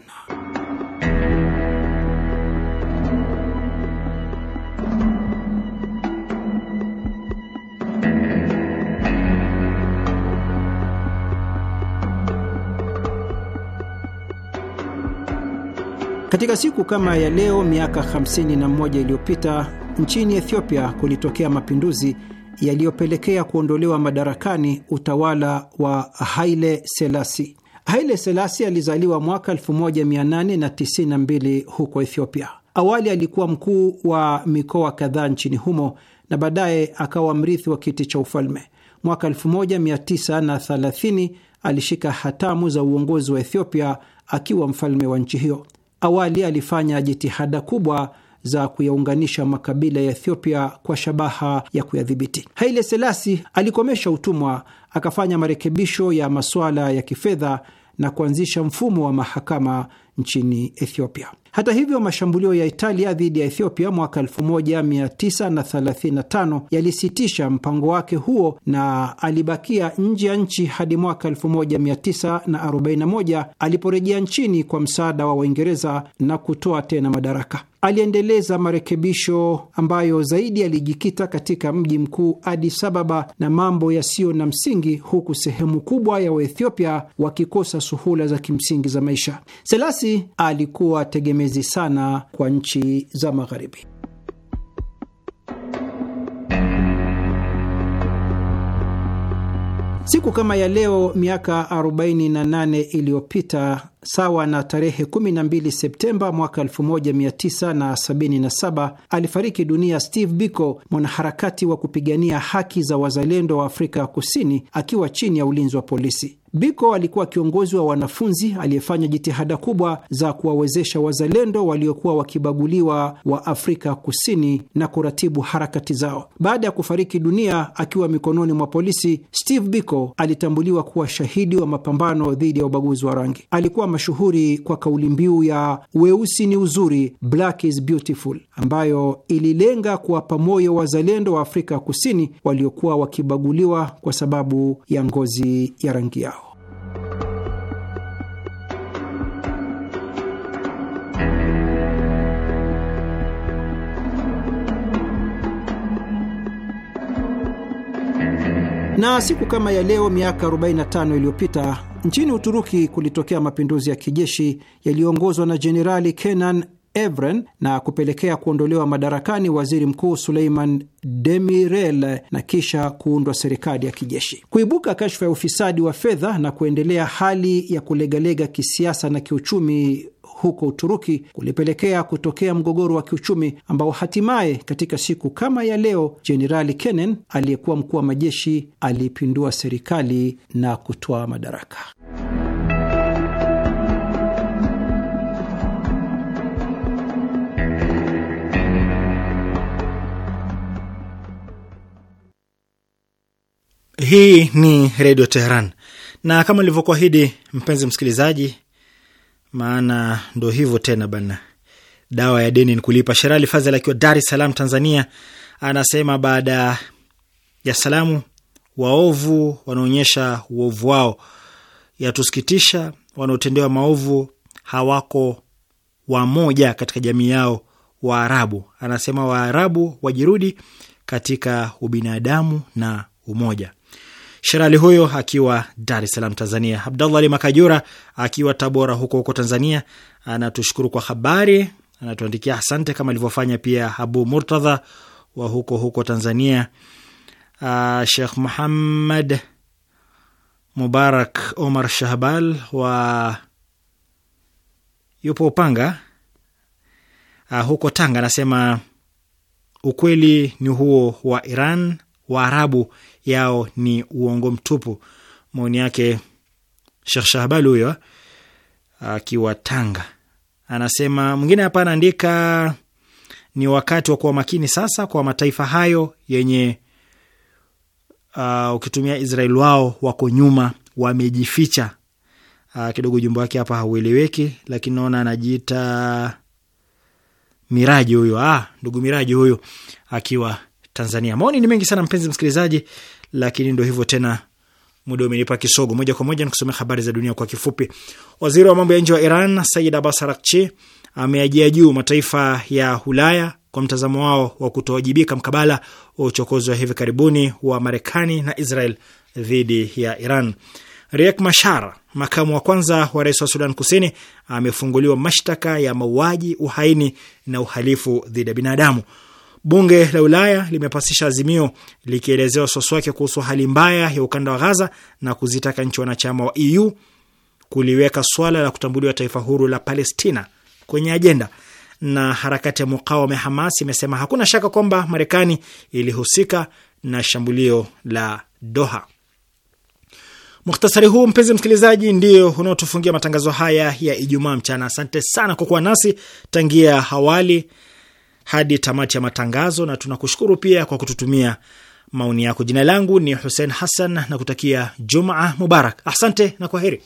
Katika siku kama ya leo miaka 51 iliyopita nchini Ethiopia kulitokea mapinduzi yaliyopelekea kuondolewa madarakani utawala wa Haile Selasi. Haile Selasi alizaliwa mwaka 1892 huko Ethiopia. Awali alikuwa mkuu wa mikoa kadhaa nchini humo na baadaye akawa mrithi wa kiti cha ufalme. Mwaka 1930 alishika hatamu za uongozi wa Ethiopia akiwa mfalme wa nchi hiyo. Awali alifanya jitihada kubwa za kuyaunganisha makabila ya Ethiopia kwa shabaha ya kuyadhibiti. Haile Selasi alikomesha utumwa, akafanya marekebisho ya masuala ya kifedha na kuanzisha mfumo wa mahakama nchini Ethiopia. Hata hivyo, mashambulio ya Italia dhidi ya Ethiopia mwaka 1935 yalisitisha mpango wake huo na alibakia nje ya nchi hadi mwaka 1941 aliporejea nchini kwa msaada wa Waingereza na kutoa tena madaraka. Aliendeleza marekebisho ambayo zaidi alijikita katika mji mkuu Addis Ababa na mambo yasiyo na msingi, huku sehemu kubwa ya Waethiopia wakikosa suhula za kimsingi za maisha. Selasi alikuwa tegemea vamizi sana kwa nchi za Magharibi. Siku kama ya leo miaka 48 iliyopita sawa na tarehe 12 Septemba mwaka 1977 alifariki dunia Steve Biko, mwanaharakati wa kupigania haki za wazalendo wa Afrika Kusini, akiwa chini ya ulinzi wa polisi. Biko alikuwa kiongozi wa wanafunzi aliyefanya jitihada kubwa za kuwawezesha wazalendo waliokuwa wakibaguliwa wa Afrika Kusini na kuratibu harakati zao. Baada ya kufariki dunia akiwa mikononi mwa polisi, Steve Biko alitambuliwa kuwa shahidi wa mapambano dhidi ya ubaguzi wa rangi. Alikuwa mashuhuri kwa kauli mbiu ya weusi ni uzuri, Black is beautiful, ambayo ililenga kuwapa moyo wazalendo wa Afrika Kusini waliokuwa wakibaguliwa kwa sababu ya ngozi ya rangi yao. Na siku kama ya leo miaka 45 iliyopita nchini Uturuki kulitokea mapinduzi ya kijeshi yaliyoongozwa na Jenerali Kenan Evren na kupelekea kuondolewa madarakani waziri mkuu Suleiman Demirel na kisha kuundwa serikali ya kijeshi. Kuibuka kashfa ya ufisadi wa fedha na kuendelea hali ya kulegalega kisiasa na kiuchumi huko Uturuki kulipelekea kutokea mgogoro wa kiuchumi ambao hatimaye katika siku kama ya leo Jenerali Kenen aliyekuwa mkuu wa majeshi alipindua serikali na kutoa madaraka. Hii ni Redio Teheran, na kama ilivyokuahidi mpenzi msikilizaji, maana ndo hivyo tena bana, dawa ya deni ni kulipa. Sherali Fazel akiwa Dar es Salaam, Tanzania, anasema baada ya salamu, waovu wanaonyesha uovu wao, yatusikitisha. Wanaotendewa maovu hawako wamoja katika jamii yao Waarabu. Anasema Waarabu wajirudi katika ubinadamu na umoja. Sherali huyo akiwa Dar es Salaam, Tanzania. Abdallah Ali Makajura akiwa Tabora huko huko Tanzania anatushukuru kwa habari, anatuandikia asante, kama alivyofanya pia Abu Murtadha wa huko huko Tanzania. Uh, ah, Shekh Muhammad Mubarak Omar Shahbal wa yupo Upanga uh, huko Tanga anasema ukweli ni huo wa Iran, Waarabu yao ni uongo mtupu. Maoni yake Shekh Shahbal huyo akiwa Tanga anasema. Mwingine hapa anaandika ni wakati wa kuwa makini sasa kwa mataifa hayo yenye uh, ukitumia Israel wao wako nyuma, wamejificha. Uh, kidogo jumbo wake hapa haueleweki, lakini naona anajiita Miraji huyo. Ah, ndugu Miraji huyo akiwa Tanzania. Maoni ni mengi sana mpenzi msikilizaji, lakini ndo hivyo tena, muda umenipa kisogo. Moja kwa moja nikusomea habari za dunia kwa kifupi. Waziri wa mambo ya nje wa Iran Said Abbas ameajia juu mataifa ya Ulaya kwa mtazamo wao wa kutowajibika mkabala wa uchokozi wa hivi karibuni wa Marekani na Israel dhidi ya Iran. Riek mashar makamu wa kwanza wa rais wa Sudan Kusini, amefunguliwa mashtaka ya mauaji, uhaini na uhalifu dhidi ya binadamu. Bunge la Ulaya limepasisha azimio likielezea wasiwasi wake kuhusu hali mbaya ya ukanda wa Ghaza na kuzitaka nchi wanachama wa EU kuliweka swala la kutambuliwa taifa huru la Palestina kwenye ajenda. Na harakati ya mukawama Hamas imesema hakuna shaka kwamba Marekani ilihusika na shambulio la Doha. Mukhtasari huu mpenzi msikilizaji, ndio unaotufungia matangazo haya ya Ijumaa mchana. Asante sana kwa kuwa nasi tangia hawali hadi tamati ya matangazo, na tunakushukuru pia kwa kututumia maoni yako. Jina langu ni Hussein Hassan na kutakia Jumaa Mubarak. Asante na kwa heri.